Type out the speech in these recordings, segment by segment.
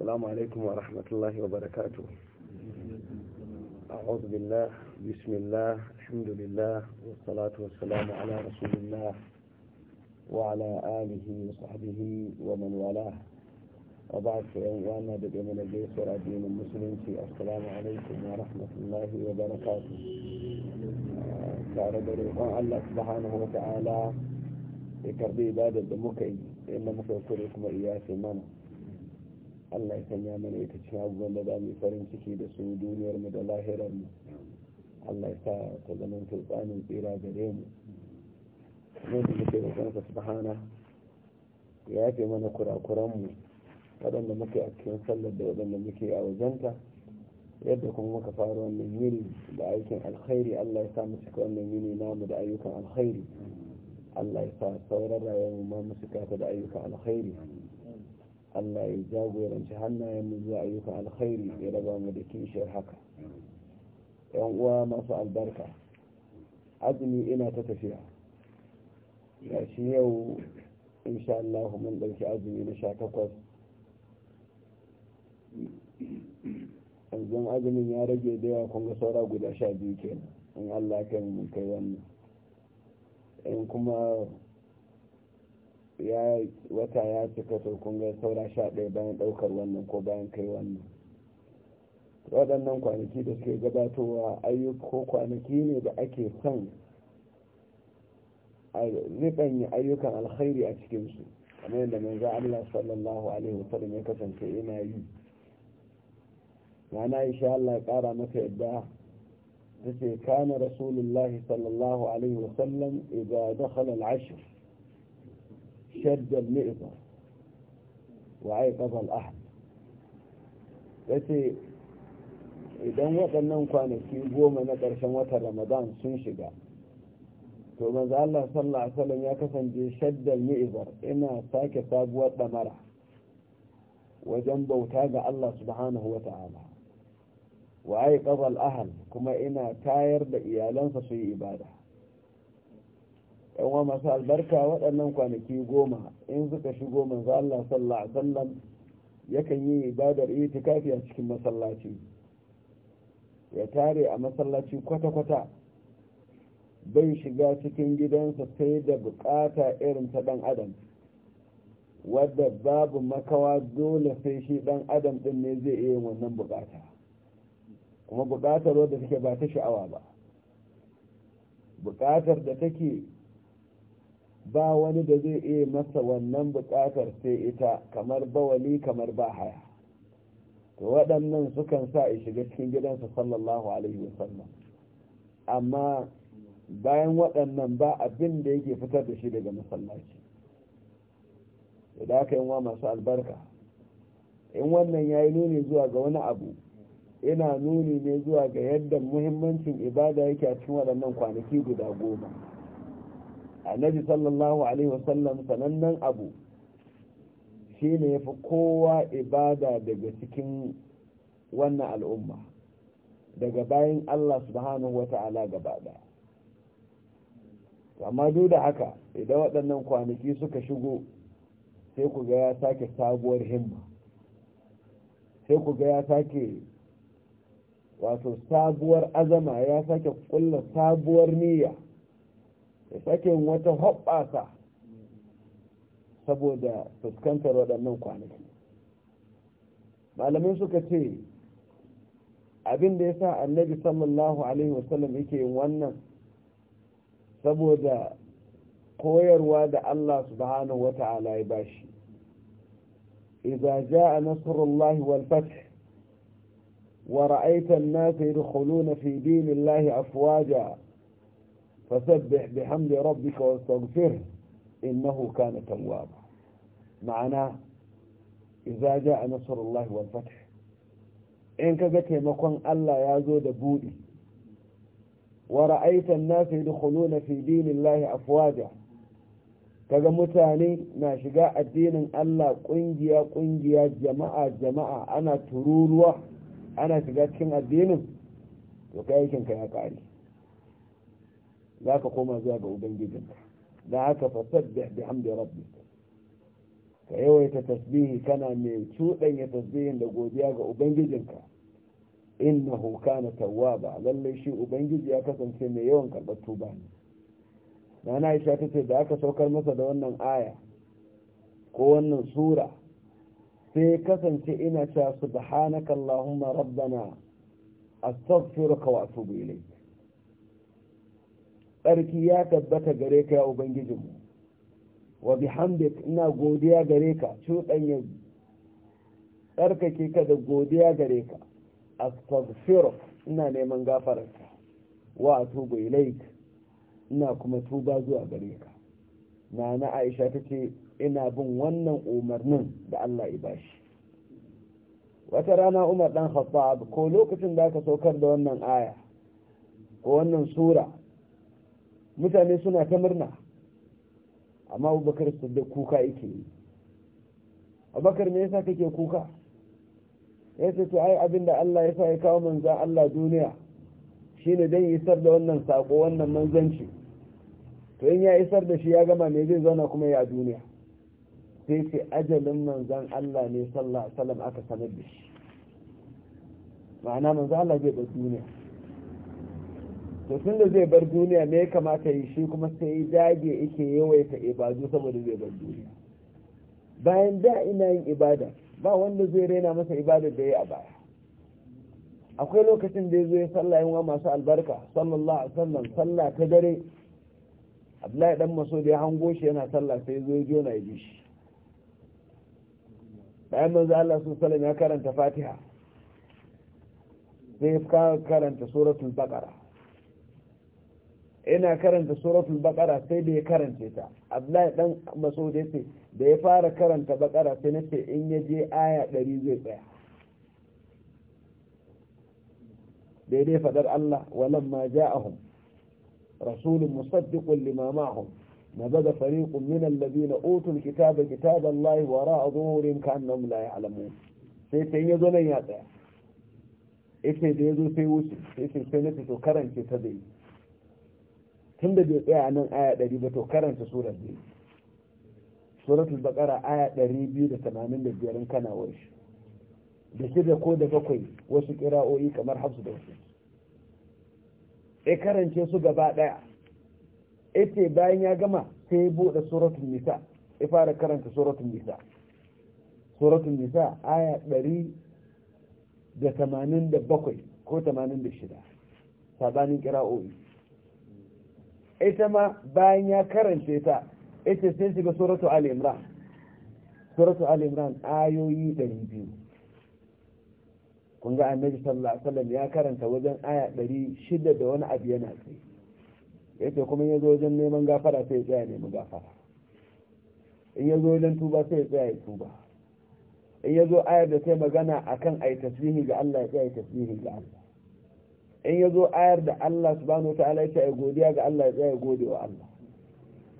السلام عليكم ورحمة الله وبركاته أعوذ بالله بسم الله الحمد لله والصلاة والسلام على رسول الله وعلى آله وصحبه ومن والاه وبعد فأنا بدأ من الجيش والدين المسلم في السلام عليكم ورحمة الله وبركاته تعرض الله سبحانه وتعالى يكرد إبادة دمك إنما سيكون لكم إياه في منه Allah ya sanya mana ita ce abubuwan da za mu farin ciki da su duniyar mu da lahirar mu Allah ya sa ta zama turbanin tsira gare mu mun da muke da kansa subhana ya yafe mana kurakuran mu waɗanda muke a cikin sallar da waɗanda muke a wajenta yadda kuma muka fara wannan yini da aikin alkhairi Allah ya sa mu cika wannan yini namu da ayyukan alkhairi Allah ya sa sauran rayuwar mu ma mu cika da ayyukan alkhairi Allah ya jagoranci hannayenmu zuwa ayyukan alkhairi ya raba mu da kishiyar haka yan uwa masu albarka azumi ina ta tafiya ya shi yau insha Allah mun ɗauki azumi na sha takwas yanzu azumin ya rage da yawa kuma saura guda sha biyu kenan in Allah kai mun kai wannan in kuma ya wata ya cika to kun ga saura sha ɗaya bayan ɗaukar wannan ko bayan kai wannan waɗannan kwanaki da suke gabatowa ayyuka ko kwanaki ne da ake son a riɓanya ayyukan alkhairi a cikinsu kamar yadda manzo Allah sallallahu alaihi wa sallam ya kasance yana yi ma'ana insha Allah ya ƙara masa yadda ta ce kana rasulullahi sallallahu alaihi wa idza dakhala al-ashr شد المئزر وعيقظ الأحد idan waɗannan kwanaki goma na ƙarshen watan ramadan sun shiga to maza Allah sallallahu alaihi wasallam ya kasance shaddal mi'zar ina sake sabuwar ɗamara wajen bauta ga Allah subhanahu ta'ala wa ay qabal kuma ina tayar da iyalansa su yi ibada yanwa masu albarka waɗannan kwanaki goma in suka shigo manzo Allah sallallahu alaihi wasallam yakan yi ibadar itikafi a cikin masallaci ya tare a masallaci kwata-kwata bai shiga cikin gidansa sai da bukata irin ta dan adam wadda babu makawa dole sai shi dan adam din ne zai iya wannan bukata kuma bukatar wadda take ba ta sha'awa ba bukatar da take ba wani da zai iya masa wannan buƙatar sai ita kamar bawali kamar ba haya to waɗannan sukan sa a shiga cikin gidansa sallallahu alaihi wasallam amma bayan waɗannan ba abin da yake fitar da shi daga masallaci Idan aka yi wa masu albarka in wannan ya yi nuni zuwa ga wani abu ina nuni ne zuwa ga yadda muhimmancin ibada yake a cikin waɗannan kwanaki guda goma annabi sallallahu alaihi wasallam sanannen abu shi ne fi kowa ibada daga cikin wannan al'umma daga bayan Allah subhanahu wa ta'ala gaba daya amma duk da haka idan waɗannan kwanaki suka shigo sai ku ga ya sake sabuwar himma sai ku ga ya sake wato sabuwar azama ya sake kulla sabuwar niyya ya wata hoɓasa saboda fuskantar waɗannan kwanaki malamin suka ce abin da ya sa annabi sallallahu alaihi wasallam yake yin wannan saboda koyarwa da Allah subhanahu wata'ala ya bashi idza jaa nasrullahi wal fath wa ra'aita an-nasa yadkhuluna fi dinillahi afwaja fasabbih bihamdi rabbika wastaghfir innahu ba tawwaba ma'ana idza ja'a nasrullahi wal fath in kaga taimakon Allah ya zo da budi wa ra'aita an-nasa yadkhuluna fi dinillahi afwaja kaga mutane na shiga addinin Allah kungiya kungiya jama'a jama'a ana tururuwa ana shiga cikin addinin to kai ya kare za ka koma zuwa ga ubangijin da haka fasabbih bihamdi rabbik ka yawaita tasbihi kana mai cuɗanya tasbihin da godiya ga ubangijin ubangijinka innahu kana tawwaba lallai shi ubangiji ya kasance mai yawan karɓar tuba ne nana aisha ta ce da aka saukar masa da wannan aya ko wannan sura sai kasance ina cewa allahumma rabbana astaghfiruka wa atubu ilayk tsarki ya tabbata gare ka ya ubangijinmu wa bihamdik ina godiya gare ka cuɗanya tsarkake ka da godiya gare ka astaghfiruk ina neman gafararka wa atubu ilaik ina kuma tuba zuwa gare ka na na aisha ta ce ina bin wannan umarnin da Allah ya bashi wata rana umar ɗan khattab ko lokacin da aka saukar da wannan aya ko wannan sura mutane suna ta murna amma abubakar da kuka yake yi abubakar ne yasa kake kuka ya ce to ai abinda Allah ya sa ya kawo manzan Allah duniya shine dan isar da wannan sako wannan manzanci to in ya isar da shi ya gama me zai zauna kuma ya duniya sai ce ajalin manzan Allah ne sallallahu aka sanar da shi ma'ana manzan Allah zai bar duniya to tun da zai bar duniya me ya kamata yi shi kuma sai dage yake yawaita ibadu saboda zai bar duniya bayan da ina yin ibada ba wanda zai raina masa ibada da ya a baya akwai lokacin da ya zo ya sallah yin masu albarka sallallahu alaihi wasallam sallah ta dare Abdullahi dan maso da ya hango shi yana sallah sai ya zo ya jona ya bi shi bayan manzo Allah su ya karanta Fatiha sai ya karanta suratul Baqara ina karanta suratul baqara sai da ya karanta ta abdullahi dan maso da ce da ya fara karanta baqara sai nace in ya je aya 100 zai tsaya daidai fadar Allah walamma ja'ahum rasulun musaddiqun lima ma'ahum نبذ فريق من الذين أوتوا kitaba كتاب الله وراء ظهورهم كأنهم la يعلمون sai ta yi zo nan ya tsaya ita da ya zo sai wuce sai sai sai to fito karance ta dai yi tun da bai tsaya nan aya ɗari ba to karanta surar biyu suratul baqara aya ɗari biyu da tamanin da biyar kana warshi da da ko da bakwai wasu kira'o'i kamar hafsu da wasu ya karance su gaba ɗaya ita bayan ya gama sai buɗe suratun nisa ya fara karanta suratun nisa suratun nisa aya ɗari da tamanin da bakwai ko tamanin da shida sabanin kira'o'i ita ma bayan ya karance ta ita sai shiga suratu al-imran suratu al-imran ayoyi 200 kun ga annabi sallallahu alaihi wasallam ya karanta wajen aya 600 da wani abu yana tsaye yace kuma ya zo wajen neman gafara sai ya tsaya neman gafara in ya zo wajen tuba sai ya tsaya ya tuba in ya zo ayar da sai magana akan ayi tasbihi ga Allah ya tsaya tasbihi ga Allah in ya zo ayar da Allah subhanahu ta'ala ya yi godiya ga Allah ya tsaya gode wa Allah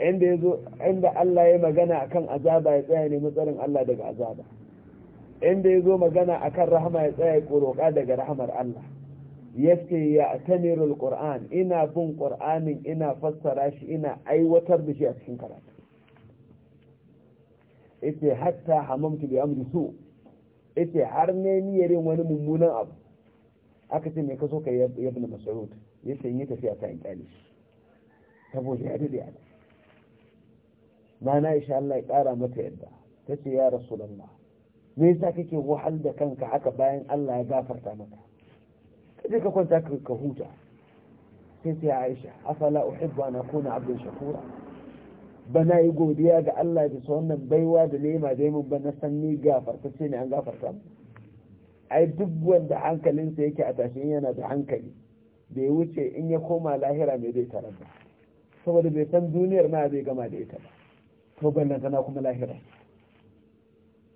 inda ya zo inda Allah ya magana akan azaba ya tsaya ne matsarin Allah daga azaba inda ya zo magana akan rahama ya tsaya roƙa daga rahamar Allah yace ya tamirul qur'an ina bin qur'anin ina fassara shi ina aiwatar da shi a cikin karatu yace hatta hamamtu bi amri su yace har ne niyyar wani mummunan abu aka ce kaso ka so ka yi ibn mas'ud ya in yi tafiya ta yin kyale saboda ya daɗe a mana insha Allah ya kara mata yadda tace ya rasulallah me yasa kake wahal da kanka haka bayan Allah ya gafarta maka kaje ka kwanta ka huta sai sai Aisha afala uhibbu an akuna abdan shakura bana yi godiya ga Allah da wannan baiwa da nema da yi mun ba na san ni gafarta ce ne an gafarta mu ai duk wanda hankalinsa yake a tashin yana da hankali bai wuce in ya koma lahira mai zai tarar ba saboda bai san duniyar ma zai gama da ita ba to tana kuma lahira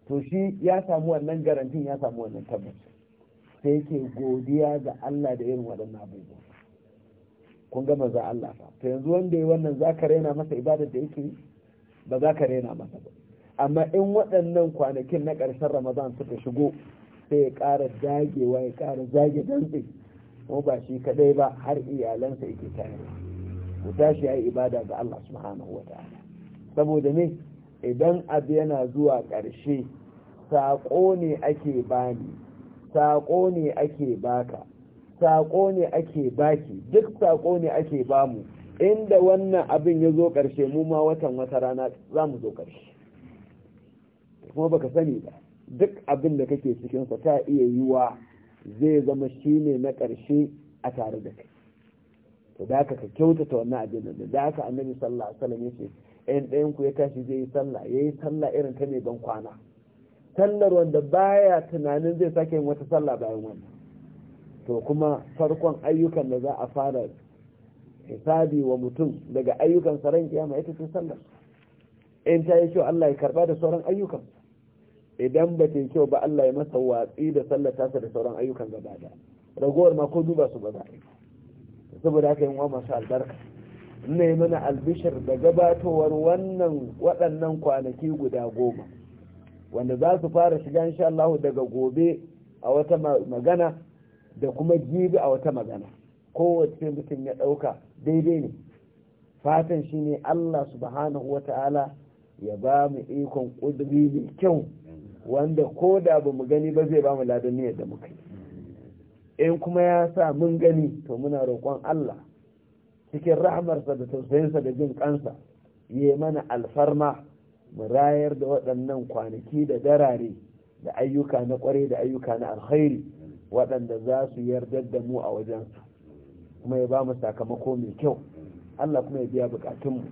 to shi ya samu wannan garantin ya samu wannan tabbacin sai yake godiya ga Allah da irin waɗannan abubuwa kun ga za Allah fa to yanzu wanda ya wannan za ka raina masa ibadar da yake yi ba za ka raina masa ba amma in waɗannan kwanakin na ƙarshen Ramadan suka shigo sai ya ƙara dagewa ya ƙara zage dantse ko ba shi kadai ba har iyalansa yake tare ku tashi ya yi ibada ga Allah subhanahu wa ta'ala saboda ne idan abu yana zuwa ƙarshe saƙo ne ake bani saƙo ne ake baka saƙo ne ake baki duk saƙo ne ake bamu inda wannan abin ya zo ƙarshe mu ma watan wata rana za mu zo ƙarshe kuma baka sani ba duk abin da kake cikinsa ta iya yiwa zai zama shine na ƙarshe a tare da kai to da ka kyautata wannan abin da da haka annabi sallallahu alaihi wasallam yace ɗayan ɗayan ku ya tashi zai yi sallah yayi sallah irin ta ne ban kwana sallar wanda baya tunanin zai sake yin wata sallah bayan wannan to kuma farkon ayyukan da za a fara hisabi wa mutum daga ayyukan saran kiyama ita ce sallar in ta yi kyau Allah ya karba da sauran ayyukan idan ba ta kyau ba Allah ya masa watsi da sallar tasa da sauran ayyukan gaba da ragowar ma ko duba su ba za saboda haka yin wa masu albarka ne mana albishir da gabatowar wannan waɗannan kwanaki guda goma wanda za su fara shiga insha Allah daga gobe a wata magana da kuma jibi a wata magana kowace mutum ya ɗauka daidai ne fatan shi ne Allah subhanahu wa ta'ala ya ba mu ikon ƙudiri mai kyau wanda ko da ba mu gani ba zai ba mu ladan niyyar da muka yi in kuma ya sa mun gani to muna roƙon Allah cikin rahmarsa da tausayinsa da jin kansa yi mana alfarma mu rayar da waɗannan kwanaki da darare da ayyuka na ƙware da ayyuka na alkhairi waɗanda za su yarda da mu a su, kuma ya ba mu sakamako mai kyau Allah kuma ya biya bukatunmu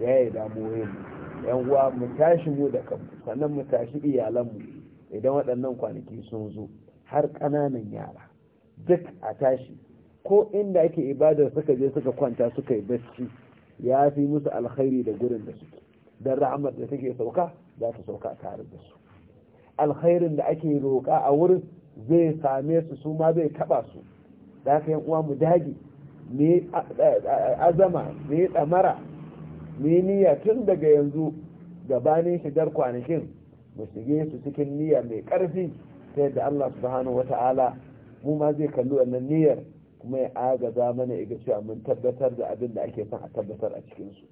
ya yi damuwoyinmu yan uwa mu tashi mu da kanmu sannan mu tashi iyalanmu idan waɗannan kwanaki sun zo har ƙananan yara duk a tashi ko inda ake ibadar suka je suka kwanta suka yi bacci ya fi musu alkhairi da gurin da suke don ra'amar da take sauka za ta sauka tare da su alkhairin da ake roƙa a wurin zai same su su ma zai taɓa su da ka yan uwa mu dage ne azama ne tsamara mu niyya tun daga yanzu gabanin shigar kwanakin mu shige su cikin niyya mai ƙarfi ta yadda Allah subhanahu wata'ala mu ma zai kalli wannan niyyar kuma ya agaza mana iga cewa mun tabbatar da abin da ake son a tabbatar a cikin su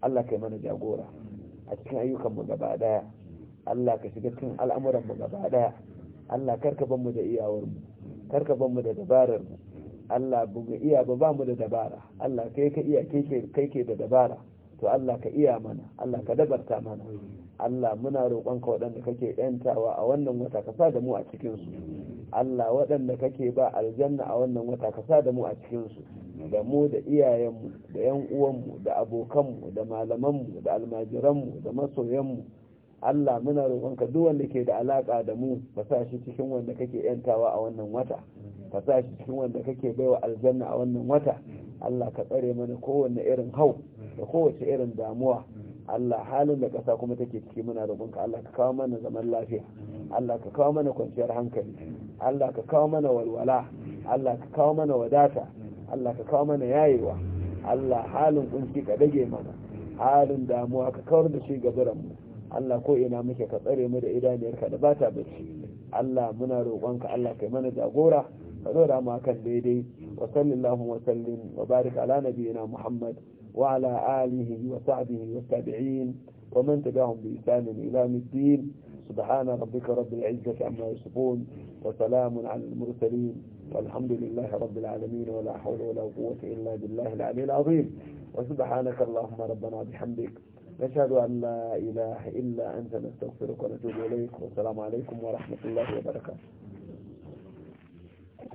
Allah kai mana jagora a cikin ayyukan mu gaba daya Allah ka shiga cikin al'amuran mu gaba daya Allah karka ban mu da iyawar mu karka ban mu da dabarar mu Allah bu iya ba ba mu da dabara Allah kai ka iya kai ke da dabara to Allah ka iya mana Allah ka dabarta mana Allah muna roƙonka waɗanda kake ‘yantawa a wannan wata ka sa da mu a cikinsu Allah waɗanda kake ba aljanna a wannan wata ka sa da mu a cikinsu da mu da iyayenmu da ‘yan uwanmu da abokanmu da malamanmu da almajiranmu da masoyanmu Allah muna roƙonka duk wanda ke da alaƙa da mu ka sa shi cikin wanda kake ‘yantawa a wannan wata ka sa shi cikin wanda kake baiwa aljanna a wannan wata Allah ka tsare mana kowanne irin hau da kowace irin damuwa Allah halin da ƙasa kuma take ciki muna roƙonka Allah ka kawo mana zaman lafiya Allah ka kawo mana kwanciyar hankali Allah ka kawo mana walwala Allah ka kawo mana wadata Allah ka kawo mana yayewa Allah halin kunci ka dage mana halin damuwa ka kawar da shi gaburan mu Allah ko ina muke ka tsare mu da idaniyarka da bata bacci Allah muna roƙonka Allah kai mana jagora فدورا ما كان ديدي وصل اللهم وسلم وبارك على نبينا محمد وعلى آله وصحبه والتابعين ومن تبعهم بإسان إلى الدين سبحان ربك رب العزة عما يصفون وسلام على المرسلين والحمد لله رب العالمين ولا حول ولا قوة إلا بالله العلي العظيم وسبحانك اللهم ربنا بحمدك نشهد أن لا إله إلا أنت نستغفرك ونتوب إليك والسلام عليكم ورحمة الله وبركاته